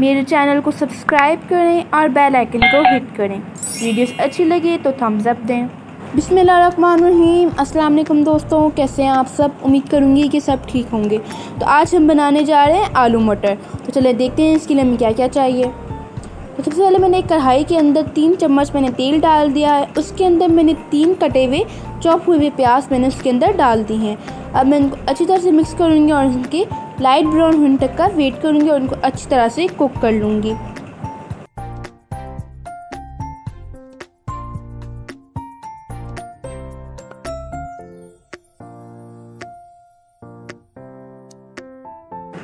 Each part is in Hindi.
मेरे चैनल को सब्सक्राइब करें और बेल आइकन को हिट करें वीडियोस अच्छी लगे तो थम्स अप दें बिसमीम अस्सलाम दोस्तों कैसे हैं आप सब उम्मीद करूँगी कि सब ठीक होंगे तो आज हम बनाने जा रहे हैं आलू मटर तो चलिए देखते हैं इसके लिए हमें क्या क्या चाहिए तो सबसे पहले मैंने एक कढ़ाई के अंदर तीन चम्मच मैंने तेल डाल दिया है उसके अंदर मैंने तीन कटे हुए चॉप हुए हुए प्याज मैंने उसके अंदर डाल दी हैं अब मैं इनको अच्छी तरह से मिक्स करूँगी और इनके लाइट ब्राउन होने तक का वेट करूँगी और उनको अच्छी तरह से कुक कर लूँगी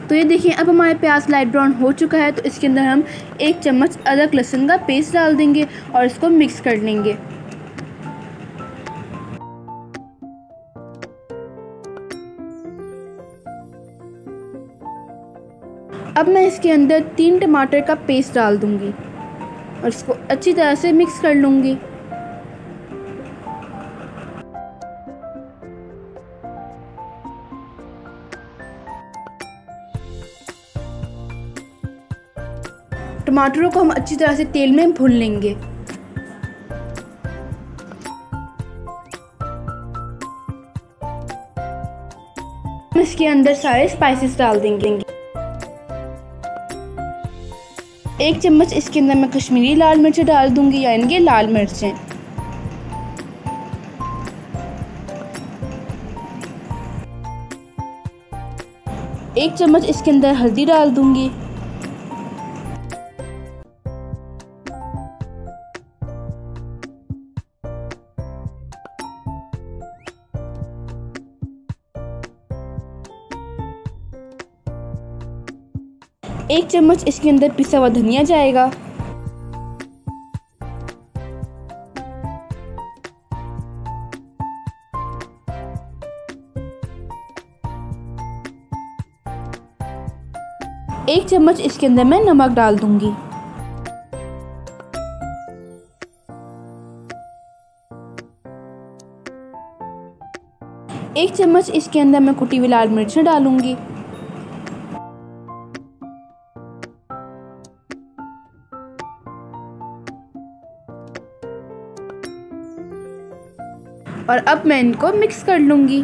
तो ये देखिए अब हमारे प्याज लाइट ब्राउन हो चुका है तो इसके अंदर हम एक चम्मच अदरक लहसुन का पेस्ट डाल देंगे और इसको मिक्स कर लेंगे अब मैं इसके अंदर तीन टमाटर का पेस्ट डाल दूंगी और इसको अच्छी तरह से मिक्स कर लूंगी टमाटरों को हम अच्छी तरह से तेल में भून लेंगे इसके अंदर सारे स्पाइसेस डाल देंगे एक चम्मच इसके अंदर मैं कश्मीरी लाल मिर्च डाल दूंगी यानी इनके लाल मिर्चें एक चम्मच इसके अंदर हल्दी डाल दूंगी एक चम्मच इसके अंदर पिसा हुआ धनिया जाएगा एक चम्मच इसके अंदर मैं नमक डाल दूंगी एक चम्मच इसके अंदर मैं कुटी हुई लाल मिर्च डालूंगी और अब मैं इनको मिक्स कर लूँगी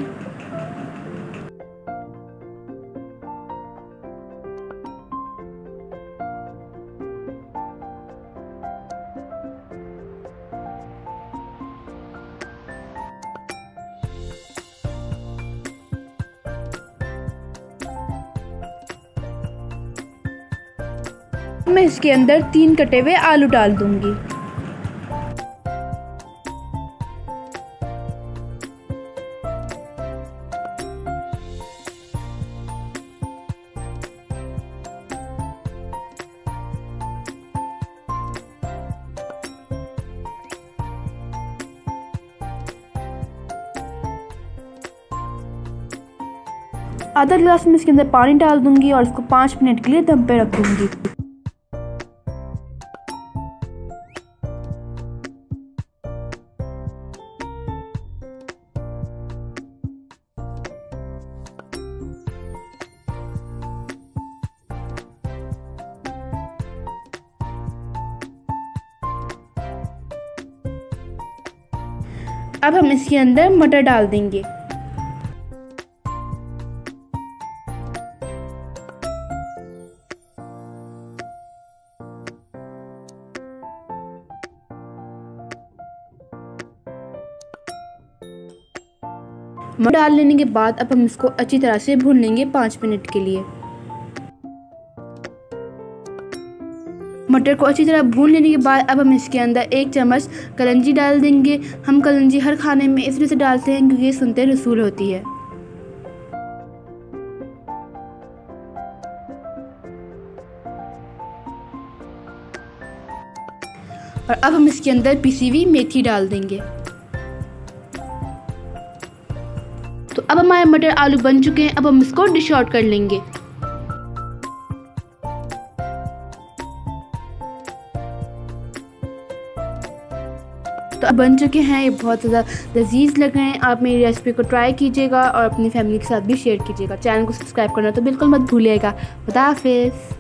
मैं इसके अंदर तीन कटे हुए आलू डाल दूंगी आधा गिलास में इसके अंदर पानी डाल दूंगी और इसको पाँच मिनट के लिए दम पे रख दूंगी अब हम इसके अंदर मटर डाल देंगे मटर डाल लेने के बाद अब हम इसको अच्छी तरह से भून लेंगे पाँच मिनट के लिए मटर को अच्छी तरह भून लेने के बाद अब हम इसके अंदर एक चम्मच कलंजी डाल देंगे हम कलंजी हर खाने में इसलिए से डालते हैं क्योंकि ये सुनते रसूल होती है और अब हम इसके अंदर पिसी हुई मेथी डाल देंगे हमारे मटर आलू बन चुके हैं अब हम इसको डिश आउट कर लेंगे तो अब बन चुके हैं ये बहुत ज़्यादा लजीज लग रहे हैं आप मेरी रेसिपी को ट्राई कीजिएगा और अपनी फैमिली के साथ भी शेयर कीजिएगा चैनल को सब्सक्राइब करना तो बिल्कुल मत भूलिएगा खुदाफिज़